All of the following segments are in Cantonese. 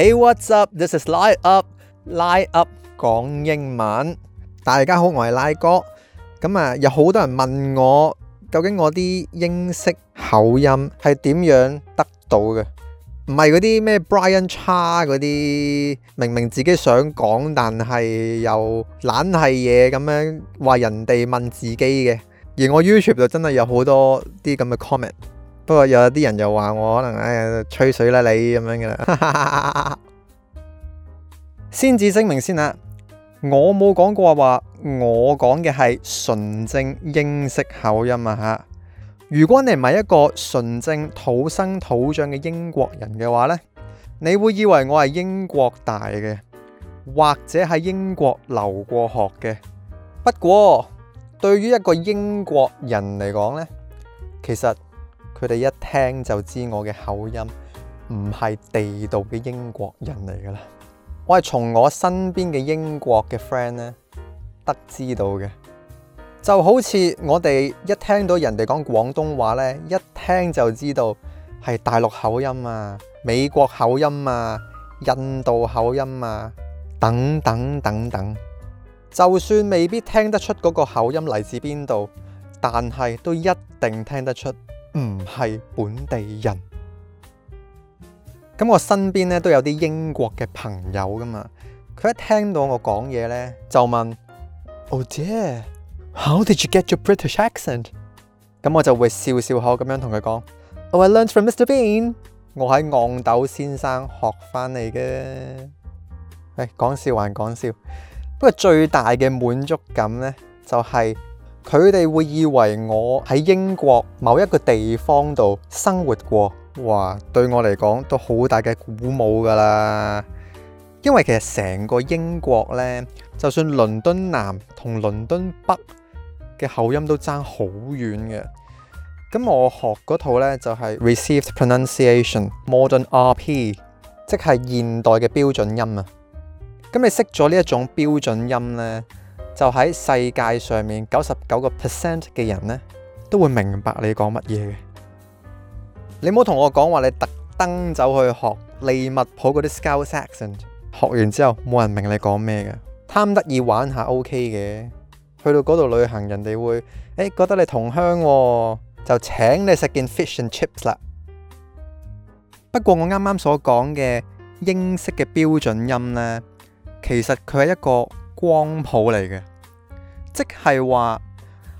Hey，what's up？This is Lai UP，Lai UP 講英文。大家好，我係拉哥。咁啊，有好多人問我，究竟我啲英式口音係點樣得到嘅？唔係嗰啲咩 Brian Cha 嗰啲，明明自己想講，但係又懶係嘢咁樣話人哋問自己嘅。而我 YouTube 就真係有好多啲咁嘅 comment。不過有啲人又話我可能唉吹水啦，你咁樣噶啦。 先至聲明先啦，我冇講過話，我講嘅係純正英式口音啊。吓，如果你唔係一個純正土生土長嘅英國人嘅話呢，你會以為我係英國大嘅，或者喺英國留過學嘅。不過對於一個英國人嚟講呢，其實。佢哋一聽就知我嘅口音唔係地道嘅英國人嚟㗎啦。我係從我身邊嘅英國嘅 friend 咧得知到嘅，就好似我哋一聽到人哋講廣東話咧，一聽就知道係大陸口音啊、美國口音啊、印度口音啊等等等等。就算未必聽得出嗰個口音嚟自邊度，但係都一定聽得出，唔係本地人，咁我身邊咧都有啲英國嘅朋友噶嘛。佢一聽到我講嘢咧，就問：Oh dear，how did you get your British accent？咁我就會笑笑口咁樣同佢講：Oh, I learned from Mr. Bean。我喺憨豆先生學翻嚟嘅。誒講笑還講笑，不過最大嘅滿足感咧，就係。佢哋會以為我喺英國某一個地方度生活過，哇！對我嚟講都好大嘅鼓舞㗎喇。因為其實成個英國咧，就算倫敦南同倫敦北嘅口音都爭好遠嘅。咁我學嗰套咧就係 Received Pronunciation，Modern RP，即係現代嘅標準音啊。咁你識咗呢一種標準音咧，就喺世界上面九十九個 percent 嘅人呢，都會明白你講乜嘢嘅。你唔好同我講話你特登走去學利物浦嗰啲 Scouse accent，學完之後冇人明你講咩嘅。貪得意玩下 OK 嘅，去到嗰度旅行人哋會誒覺得你同鄉，啊，就請你食件 fish and chips 啦。不過我啱啱所講嘅英式嘅標準音呢，其實佢係一個光譜嚟嘅，即係話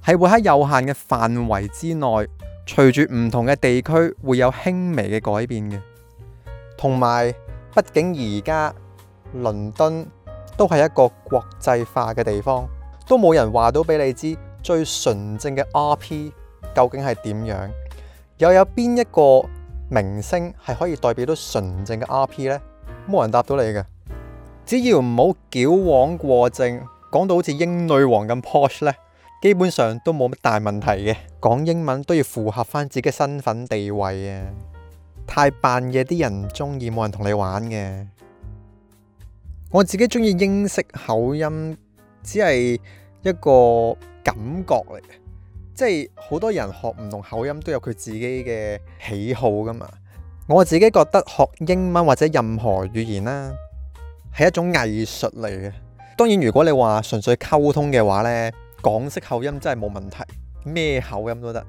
係會喺有限嘅範圍之內，隨住唔同嘅地區會有輕微嘅改變嘅。同埋，畢竟而家倫敦都係一個國際化嘅地方，都冇人話到俾你知最純正嘅 RP 究竟係點樣，又有邊一個明星係可以代表到純正嘅 RP 呢？冇人答到你嘅。只要唔好矯枉過正，講到好似英女王咁 posh 呢，基本上都冇乜大問題嘅。講英文都要符合翻自己的身份地位啊！太扮嘢，啲人唔中意，冇人同你玩嘅。我自己中意英式口音，只係一個感覺嚟，即係好多人學唔同口音都有佢自己嘅喜好噶嘛。我自己覺得學英文或者任何語言啦、啊，係一種藝術嚟嘅，當然如果你話純粹溝通嘅話呢，港式口音真係冇問題，咩口音都得，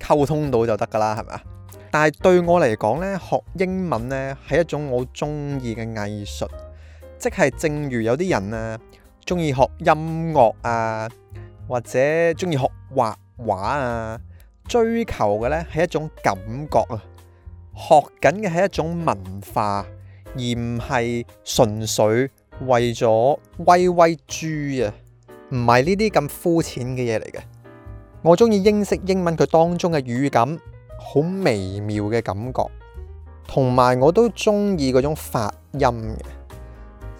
溝通到就得噶啦，係咪啊？但係對我嚟講呢，學英文呢係一種我中意嘅藝術，即係正如有啲人啊，中意學音樂啊，或者中意學畫畫啊，追求嘅呢係一種感覺啊，學緊嘅係一種文化。而唔係純粹為咗威威豬啊，唔係呢啲咁膚淺嘅嘢嚟嘅。我中意英式英文，佢當中嘅語感好微妙嘅感覺，同埋我都中意嗰種發音嘅，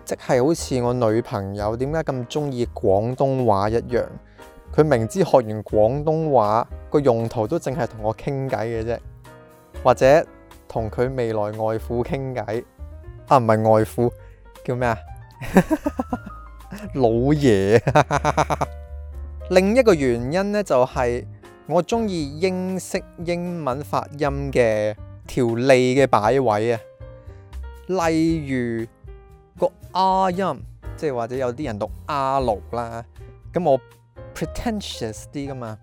即係好似我女朋友點解咁中意廣東話一樣。佢明知學完廣東話個用途都淨係同我傾偈嘅啫，或者同佢未來外父傾偈。啊，唔係外父，叫咩啊？ 老爺。另一個原因咧，就係、是、我中意英式英文發音嘅條脷嘅擺位啊。例如個 R 音，即係或者有啲人讀 R 六啦，咁我 pretentious 啲噶嘛，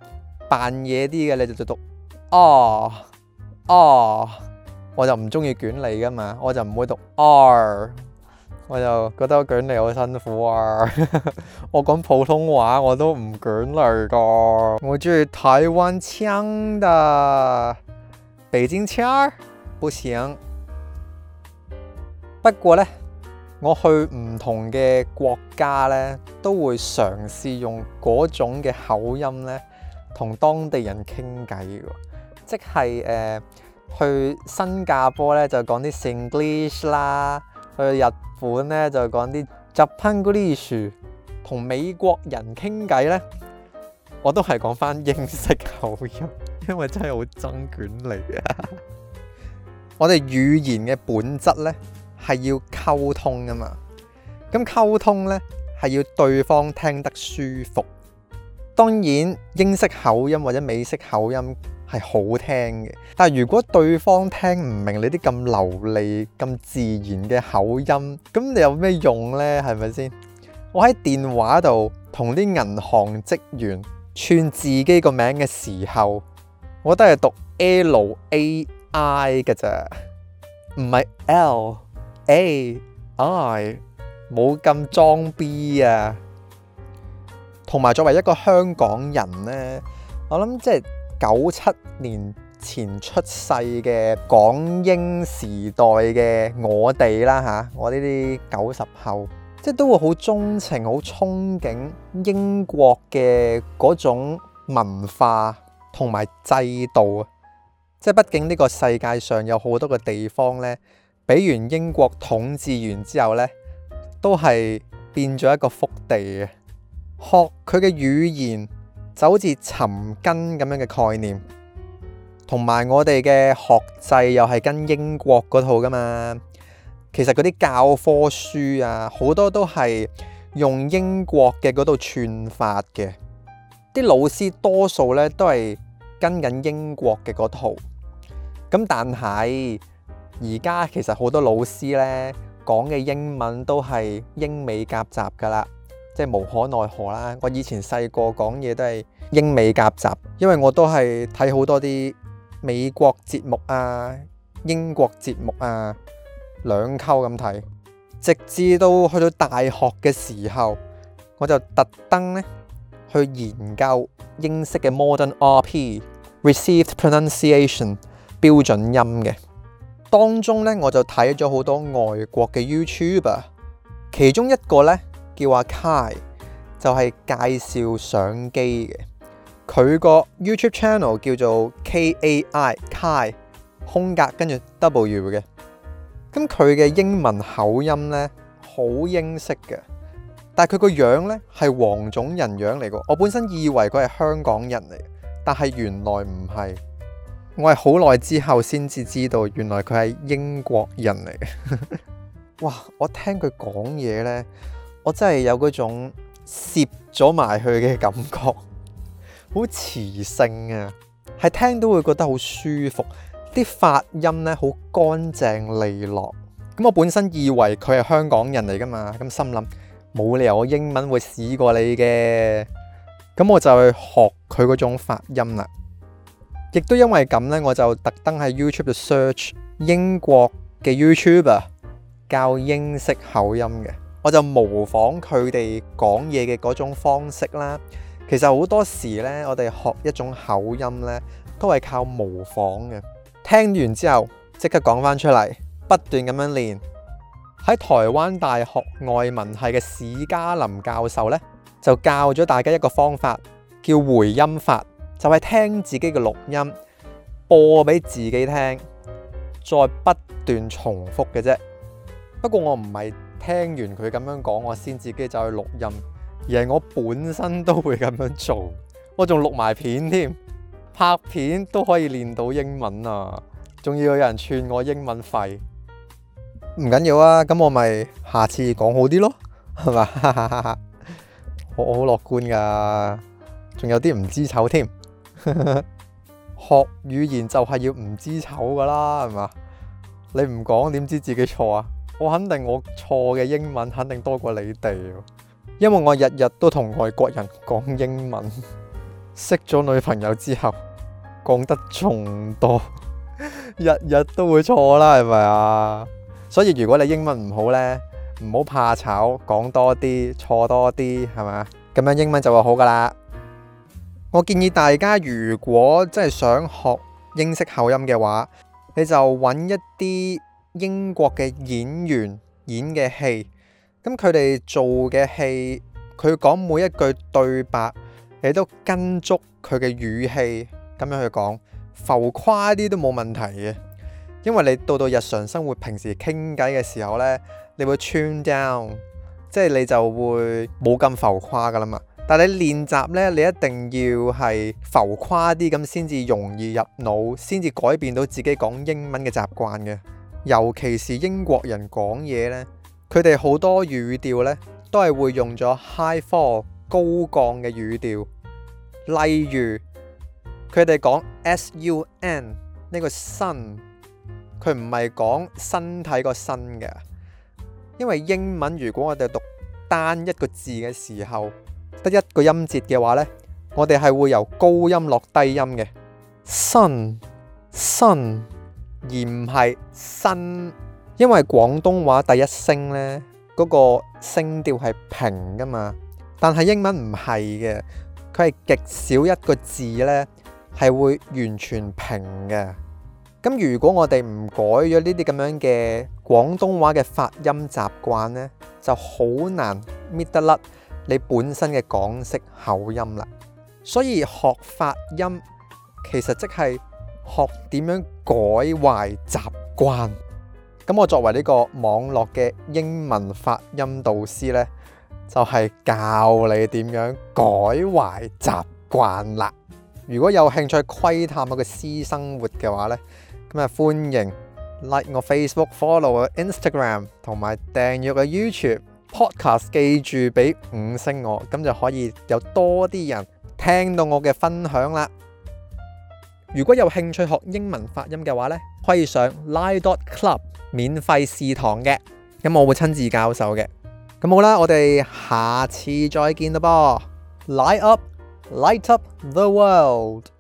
扮嘢啲嘅你就就讀 R、啊、R。啊我就唔中意捲脷噶嘛，我就唔會讀 R，我就覺得捲脷好辛苦啊。 我講普通話我都唔捲脷噶，我中意台灣腔噶，北京腔不行。不過咧，我去唔同嘅國家呢，都會嘗試用嗰種嘅口音呢，同當地人傾偈喎，即係誒。呃去新加坡咧就講啲 Singlish 啦，去日本咧就講啲 Japanese，同美國人傾偈咧，我都係講返英式口音，因為真係好憎捲嚟啊！ 我哋語言嘅本質咧係要溝通㗎嘛，咁溝通咧係要對方聽得舒服。當然英式口音或者美式口音。係好聽嘅，但係如果對方聽唔明你啲咁流利、咁自然嘅口音，咁你有咩用呢？係咪先？我喺電話度同啲銀行職員串自己個名嘅時候，我都係讀 L A I 噶咋，唔係 L A I，冇咁裝逼啊！同埋作為一個香港人呢，我諗即係。九七年前出世嘅港英時代嘅我哋啦嚇，我呢啲九十後，即係都會好鍾情、好憧憬英國嘅嗰種文化同埋制度啊！即係畢竟呢個世界上有好多個地方呢，俾完英國統治完之後呢，都係變咗一個福地嘅，學佢嘅語言，就好似尋根咁樣嘅概念，同埋我哋嘅學制又係跟英國嗰套噶嘛。其實嗰啲教科書啊，好多都係用英國嘅嗰套串法嘅。啲老師多數咧都係跟緊英國嘅嗰套。咁但係而家其實好多老師咧講嘅英文都係英美夾雜噶啦。即係無可奈何啦！我以前細個講嘢都係英美夾雜，因為我都係睇好多啲美國節目啊、英國節目啊兩溝咁睇。直至到去到大學嘅時候，我就特登咧去研究英式嘅 Modern RP（Received Pronunciation） 標準音嘅。當中咧我就睇咗好多外國嘅 YouTuber，其中一個咧。叫話 Kai 就係介紹相機嘅，佢個 YouTube channel 叫做 K A I Kai 空格跟住 W 嘅。咁佢嘅英文口音呢，好英式嘅，但係佢個樣呢，係黃種人樣嚟嘅。我本身以為佢係香港人嚟，但係原來唔係。我係好耐之後先至知道，原來佢係英國人嚟嘅。 哇！我聽佢講嘢呢。我真係有嗰種攝咗埋去嘅感覺，好磁性啊，係聽都會覺得好舒服。啲發音呢，好乾淨利落。咁我本身以為佢係香港人嚟㗎嘛，咁心諗冇理由我英文會屎過你嘅，咁我就去學佢嗰種發音啦。亦都因為咁呢，我就特登喺 YouTube 度 search 英國嘅 YouTuber 教英式口音嘅。我就模仿佢哋講嘢嘅嗰種方式啦。其實好多時呢，我哋學一種口音呢，都係靠模仿嘅。聽完之後即刻講翻出嚟，不斷咁樣練。喺台灣大學外文系嘅史嘉林教授呢，就教咗大家一個方法，叫回音法，就係聽自己嘅錄音播俾自己聽，再不斷重複嘅啫。不過我唔係。聽完佢咁樣講，我先自己走去錄音，而係我本身都會咁樣做，我仲錄埋片添，拍片都可以練到英文啊！仲要有人串我英文廢，唔緊要啊，咁我咪下次講好啲咯，係嘛？ 我好樂觀噶，仲有啲唔知醜添， 學語言就係要唔知醜噶啦，係嘛？你唔講點知自己錯啊？我肯定我錯嘅英文肯定多過你哋，因為我日日都同外國人講英文，識咗女朋友之後講得仲多，日日都會錯啦，係咪啊？所以如果你英文唔好呢，唔好怕醜，講多啲，錯多啲，係咪？咁樣英文就會好噶啦。我建議大家如果真係想學英式口音嘅話，你就揾一啲。英國嘅演員演嘅戲，咁佢哋做嘅戲，佢講每一句對白，你都跟足佢嘅語氣咁樣去講，浮誇啲都冇問題嘅。因為你到到日常生活，平時傾偈嘅時候呢，你會 tune down，即係你就會冇咁浮誇噶啦嘛。但係你練習呢，你一定要係浮誇啲咁先至容易入腦，先至改變到自己講英文嘅習慣嘅。尤其是英國人講嘢呢，佢哋好多語調呢，都係會用咗 high fall 高降嘅語調。例如佢哋講 sun 呢個 sun，佢唔係講身體個身嘅，因為英文如果我哋讀單一個字嘅時候，得一個音節嘅話呢，我哋係會由高音落低音嘅 sun sun。而唔係新，因為廣東話第一聲呢，嗰個聲調係平噶嘛。但係英文唔係嘅，佢係極少一個字呢，係會完全平嘅。咁如果我哋唔改咗呢啲咁樣嘅廣東話嘅發音習慣呢，就好難搣得甩你本身嘅港式口音啦。所以學發音其實即係。學點樣改壞習慣？咁我作為呢個網絡嘅英文發音導師呢，就係教你點樣改壞習慣啦。如果有興趣窺探我嘅私生活嘅話呢，咁啊歡迎 like 我 Facebook、follow 我 Instagram 同埋訂閱我 YouTube podcast，記住俾五星我，咁就可以有多啲人聽到我嘅分享啦。如果有興趣學英文發音嘅話呢，可以上 Lai Dot Club 免費試堂嘅，咁我會親自教授嘅。咁好啦，我哋下次再見啦噃。Light up, light up the world.